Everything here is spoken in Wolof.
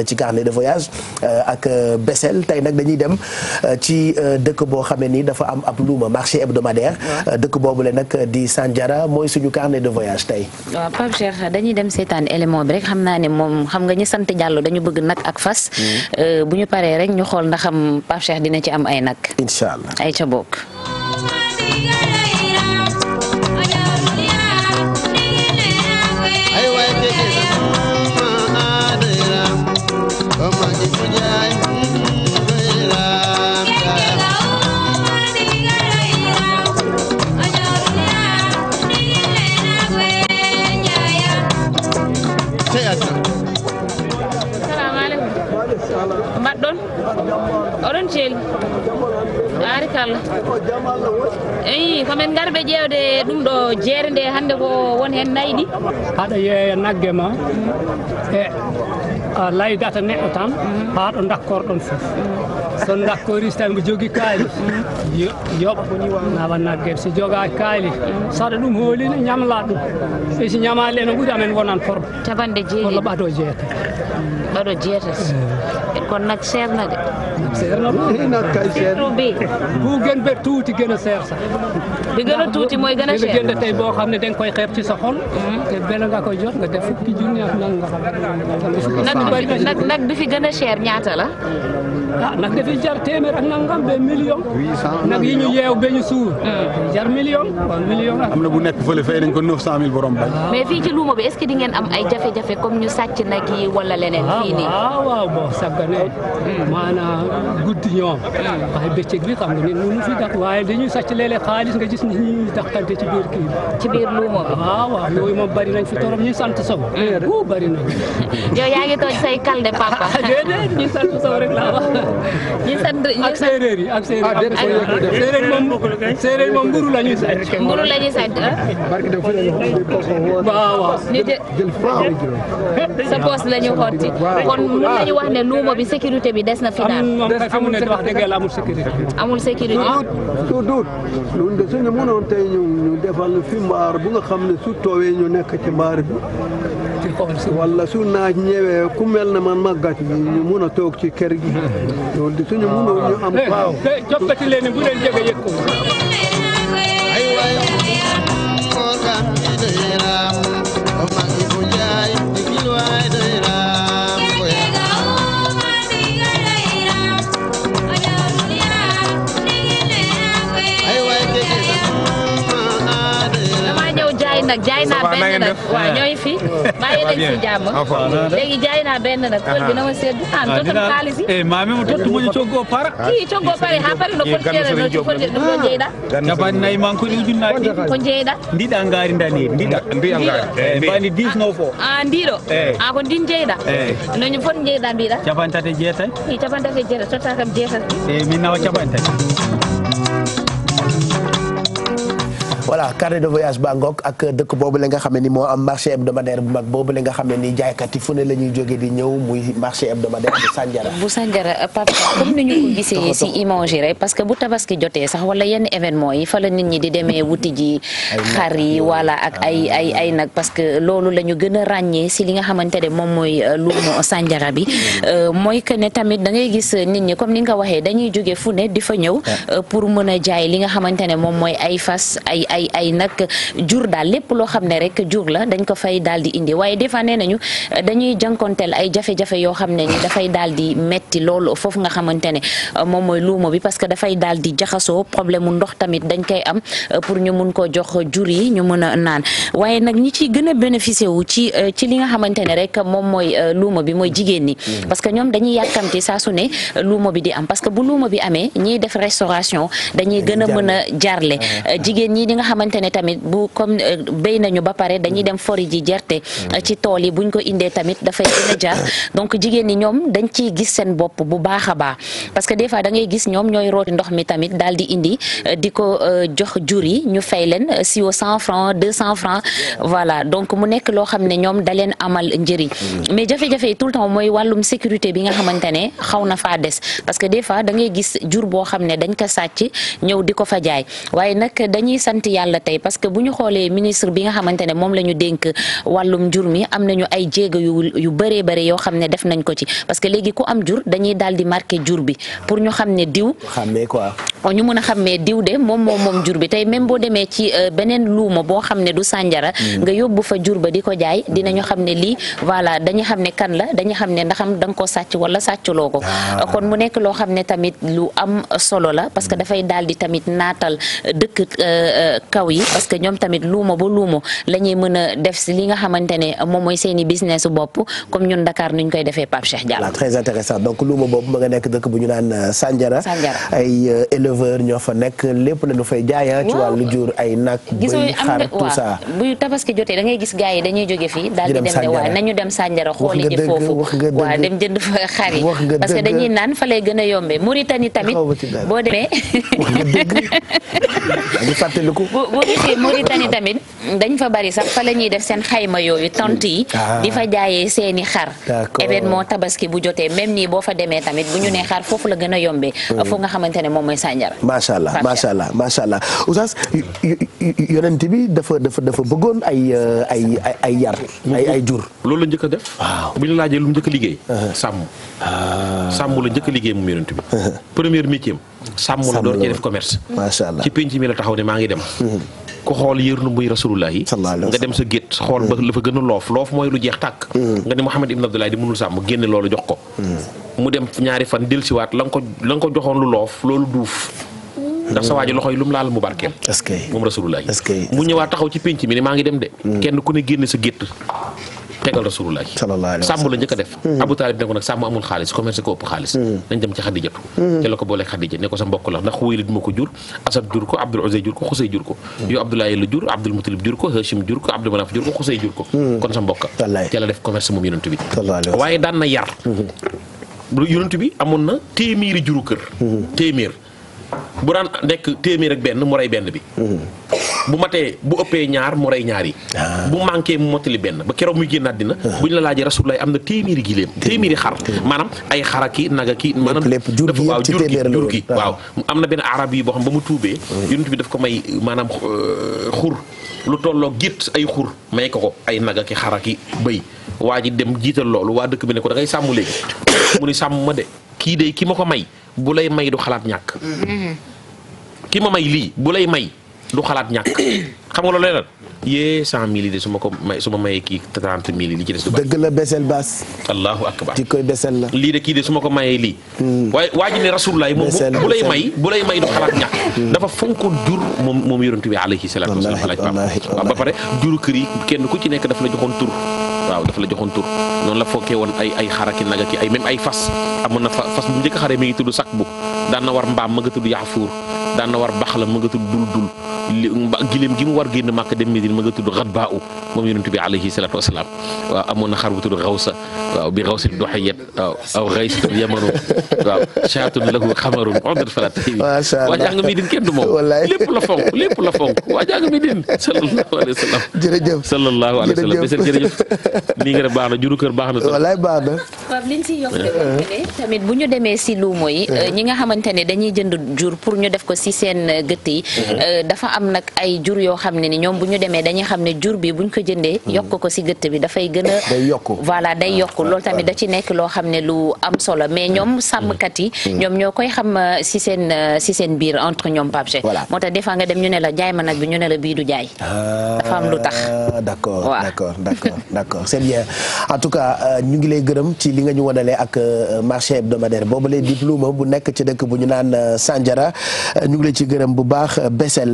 na ci carnet de voyage euh, ak euh, Bessel tey nag dañuy dem euh, ci dëkk boo xamee ni dafa am ab luuma marché hebdomadaire. dëkk boobu le nag di Sandiara mooy suñu carnet de voyage tey. waaw Pape Cheikh dañuy dem seetaan élément bi rek xam naa ne moom xam nga ñi sant Diallo dañu bëgg nag ak fas. Mm. bu ñu paree rek ñu xool ndax am Pape Cheikh dina ci am ay nag. incha allah ay ca machallah eyi komin garɓe ƴewde ɗum ɗo jeere nde hannde ko won heen nayi ɗi haɗa yeeya nagge ma e laydata neɗɗo tan haa ɗo dakkorɗon fof so dakkori so tawi mbo jogii kaali yoɓa nawa nagge so jogaaki kaali saɗa ɗum hoolino ñamla ɗum e so ñamaali ene ɓuri amen wonan porɗo capanɗe jeeɗiɗi ko ɓaɗo jeetas kon nag nak seerna de seerna ɗumnak kay surtout bi ku gën be tuuti gën a seer sax bi gën a tuuti mooy gën a seer boo xam ne danga koy xeeb ci sa xol hmm. te benn nga koy jot nga def fukki junni ak nan nga xam nag bi fi gën a seer ñaata la ah nag dafi jar téeméer ak nangam be million nag yi ñu yeew ba suur hmm. jar million am na bu nekk fële fay nañ ko 900000 borom bañ. Ah. mais ci luuma bi est-ce am ay jafe-jafe comme ñu sàcc nag yi wala leneen. Ah, fii nii waaw waaw bon sàggane hmm. guddi ñoom. Hmm. waaye bëccëg bi xam nga nit mënu fi dàq waaye dañuy sàcc léeg-léeg xaalis nga gis nit ñi dàqante ci biir kii ci biir luuma bi waaw ah, waaw yooyu bari nañ fi torop hmm. ñu sant sow. bu bari nañ. yow yaa ngi toog say kalde papa. déedéet ñu sant sow rek laa wax. ñu sant ñu ak séeréer yi ak séeréer yi. ah déedéet la ñuy sàcc mburu la ñuy sàcc ah. waaw waaw la ñu xotti kon mun nañu wax ne luuma bi sécurité bi des na fi daal amul sécurité amul sécurité duut duut ñun de suñu mënoon tey ñu ñu defal fi mbaar bu nga xam ne su toowee ñu nekk ci mbaar bi wala su naaj ñëwee ku mel ne man màggat yi ñu mun a toog ci kër gi loolu de suñu mënoon ñu am waaw nag jaay naa benn nag waaw ñooy fi bàyyi leen si jàmm ah, ah, léegi jaay naa benn nag pël bi na ma seetlu an total xaalis eh, yi mami mo tottu moñu coggo para ah, ki coggo pare ha pare no portere no portere no jeyda jabani nayi man jeyda ndiɗa ngari a ndiɗo a ko jeyda noñu eh, eh, fot jeyda mbiɗa min nawa capantati voilà carnet de voyage Bangkok ak dëkk boobu la nga xam ne ni moo am marché hebdomadaire bu mag boobu la nga xam ne ni jaaykat yi fu ne la ñuy jóge parce que bu tabaski jotee sax wala yenn événement yi fa la nit ñi di demee wuti ji xar yi voilà ak ay ah. ay ay nag parce que loolu la ñu gën a ràññee si li nga xamante ne moom mooy euh, luumo Sandiara bi hmm. euh, mooy que ne tamit da ngay gis nit ñi comme ni nga ko waxee dañuy jóge fu ne di fa ñëw ah. euh, pour mën a jaay li nga xamante ne moom mooy ay fas ay ay ay ay nag jur daal lépp loo xam ne rek jur la dañ ko fay daal di indi waaye des fois nee nañu euh, dañuy jànkonteel ay jafe-jafe yoo xam ne ni dafay daal di metti lool foofu nga xamante ne euh, moom mooy luuma bi parce que dafay daal di jaxasoo problème mu ndox tamit dañ koy euh, pour ñu mun ko jox jur yi ñu mën a naan waaye nag ñi ciy gën a bénéficié wu ci ci li nga xamante ne rek moom mooy luuma bi mooy jigéen ñi mm-hmm. parce que ñoom dañuy yàkkamti saa su ne luuma bi di am parce que bu luuma bi amee ñiy def restauration dañuy gën a jarle ah, jigéen ñi xamante ne tamit bu comme euh, béy nañu ba pare dañuy dem fori ji gerte euh, ci tool yi buñ ko indee tamit dafay gën a donc jigéen ñi ñoom dañ ciy gis seen bopp bu baax a baax parce que des fois da gis ñoom ñooy ndox mi tamit daal di indi euh, di ko jox jur yi ñu fay leen siwo cent francs deux cent francs voilà donc mu nekk loo xam ne ñoom da leen amal njëriñ mm. mais jafe yi tout le mooy wàllum sécurité bi nga xamante ne xaw na faa des parce que des fois da ngay gis jur boo xam ne dañ ko sàcc ñëw di ko fa jaay waaye nag dañuy sant yàlla tey parce que bu ñu xoolee ministre bi nga xamante ne moom la ñu dénk wàllum jur mi am nañu ay jéego yu yu bëree yoo xam ne def nañ ko ci parce léegi ku am jur dañuy daal di marqué jur bi pour ñu xam ne diw. xàmmee quoi. Oh, ñu mën a tey même boo demee ci euh, beneen luuma boo xam ne du sànjara mm. nga yóbbu fa jur ba di ko jaay dinañu xam ne lii voilà dañu xam ne kan la dañu xam ne ndaxam da ko sàcc wala sàcculoo ko ah. kon mu nekk loo xam ne tamit lu am solo la parce que dafay daal di tamit naatal dëkk euh, euh, kaw yi parce que ñoom tamit luuma ba luuma la ñuy mën a def si li nga xamante moom mooy seen i business bopp comme ñun Dakar ni koy defee Pape Cheikh Diallo. très intéressant donc luuma boobu ma nga nekk dëkk bu ñu naan euh, Sandiara. ay euh, éleveurs ñoo fa nekk lépp la ñu fay jaay ah, ci wàllu jur ay nag. bëy xar tout ça bu tabaski jotee da ngay gis gars yi dañuy jóge fii. daal di dem ne nañu dem Sandiara xooli ji foofu waaw dem jënd fa xar parce que dañuy naan fa lay gën a yombee Mauritanie tamit boo demee. wax nga dëgg. boo boo gisee tamit dañ fa bari sax fa la ñuy def seen xayma yooyu tant yi. Ah. di fa jaayee seeni xar xar. moo tabaski bu jotee même nii boo fa demee tamit bu ñu nee xar foofu la gën a yombee. Hmm. foofu nga xamante ne moom mooy Sandiara. macha allah macha allah macha allah oustaz yonent bi dafa dafa dafa bëggoon euh, ay ay ay yar ay ay jur. loolu la njëkk a def. waaw bu ñu laajee a liggéey. Ah. sàmm. Ah. sàmm la njëkk a liggéey moom yonent bi. sàmm la doon ci def commerce. macha allah ci penc mi la taxaw ne maa ngi dem. ku xool yërnu muy rasulullah yi nga dem sa gétt xool ba la fa gën a loof loof mooy lu jeex tàkk nga ne Muhammad ibn Abdullah di mënul sàmm génne loolu jox ko mu dem ñaari fan delsiwaat la nga ko la nga ko joxoon lu loof loolu duuf ndax sa waaji loxo yi lu mu laal mu barkeel moom rasulullah yi mu ñëwaat taxaw ci pénc mi ne maa ngi dem de mm. kenn ku ne génne sa gétt tegal rasulullah sàmm la njëkk a def mhm. abou taalib ne ko nag sàmm amul xaalis commerce ko ëpp xaalis mhm. nañ dem ci xadijatu mhm. te la ko boolee xadija ne ko sa mbokk la ndax Xuwaylid ma ko jur Asad jur ko Abdul Uzay jur ko Xusay jur ko yow Abdoulaye la jur Abdul Mutalib jur ko Hashim jur ko Abdul Manaf jur ko kon sa mbokk te la def commerce moom yonent bi waaye daan na yar yonent bi amoon na téeméeri juru kër téeméer bu daan nekk téeméer ak benn mu rey bi bu matee bu ëppee ñaar mu rey ñaar yi ah. bu manqué mu mottali benn ba keroog muy génn àddina ah. bu ñu la laajee rasulullah am na téeméeri giléem téeméeri xar maanaam ay xaraki nagaki maanaam dafa waaw jur gi jur gi ah. waaw am na benn arab yi boo xam ba mu tuubee yonent bi ko may maanaam euh, xur lu tolloo git ay xur may ko ko ay nagaki xaraki bëy waa ji dem jiital loolu waa dëkk bi ne ko da ngay sàmm léegi mu ni sàmm ma de kii de ki ma ko may bu lay may du xalaat ñàkk mm-hmm. ki ma may lii bu lay may du xalaat ñàkk xam nga loolu leneen yee cent mille yi de su ma ko ma mayee kii trente mille yi li ci des du bari. dëgg la besel baas. allahu akbar ci koy lii de kii de su ma ko mayee lii. Hmm. waaye waa ji ne rasulullah moom bu lay may du xalaat ñàkk. Hmm. dafa fonkoon jur moom moom yonent bi alayhi salaatu wa salaam. waaw ba pare juru kër yi kenn ku ci nekk dafa la joxoon tur. waaw dafa la joxoon tur noonu la fokkee woon ay ay xaraki naga ki ay même ay fas amoon na fas bu njëkk xare mi ngi tudd sakbu daan na war mbaam ma nga tudd daan na war bax la ma nga tudd dul dul giléem gi mu war génn màkk dem Medina ma nga tudd xadbaa u moom yonent bi alayhi salaatu wasalaam waaw amoon na xar bu tudd xawsa waaw bi xawsin doxiyat waaw aw xaysatun yamanu waaw chaatun lahu xamarun oddat fala tay waa jàng mi din kenn du moom lépp la fonk lépp la fonk waa jàng mi din sallallahu alayhi wa sallam jërëjëf sallallahu alayhi wa sallam beseen nii nga baax na juru kër baax na wallaay baax na tamit bu ñu demee si luumo yi eh. ñi nga xamante dañuy jënd jur pour ñu def ko si seen euh, gëtt yi mhm. euh, dafa am nag ay jur yoo xam ne ni ñoom bu ñu demee dañuy xam ne jur bi buñ ko jëndee mhm. yokk ko si gëtt bi dafay gën day yokk voilà day ah, yokk loolu tamit da ci nekk loo xam ne lu am solo mais mhm. ñoom sàmmkat yi ñoom ñoo koy xam euh, si seen si seen biir entre ñoom Pape Cheikh moo tax des fois nga dem ñu ne la jaay ma nag bi ñu ne la bii du jaay ah, dafa am lu tax d'accord d'accord d'accord d'accord c'est bien en tout cas ñu ngi lay gërëm ci li nga ñu wanalee ak marché hebdomadaire boobu lay diplôme bu nekk ci dëkk bu ñu naan Sandiara ñu ngi la ci gërëm bu baax Bessél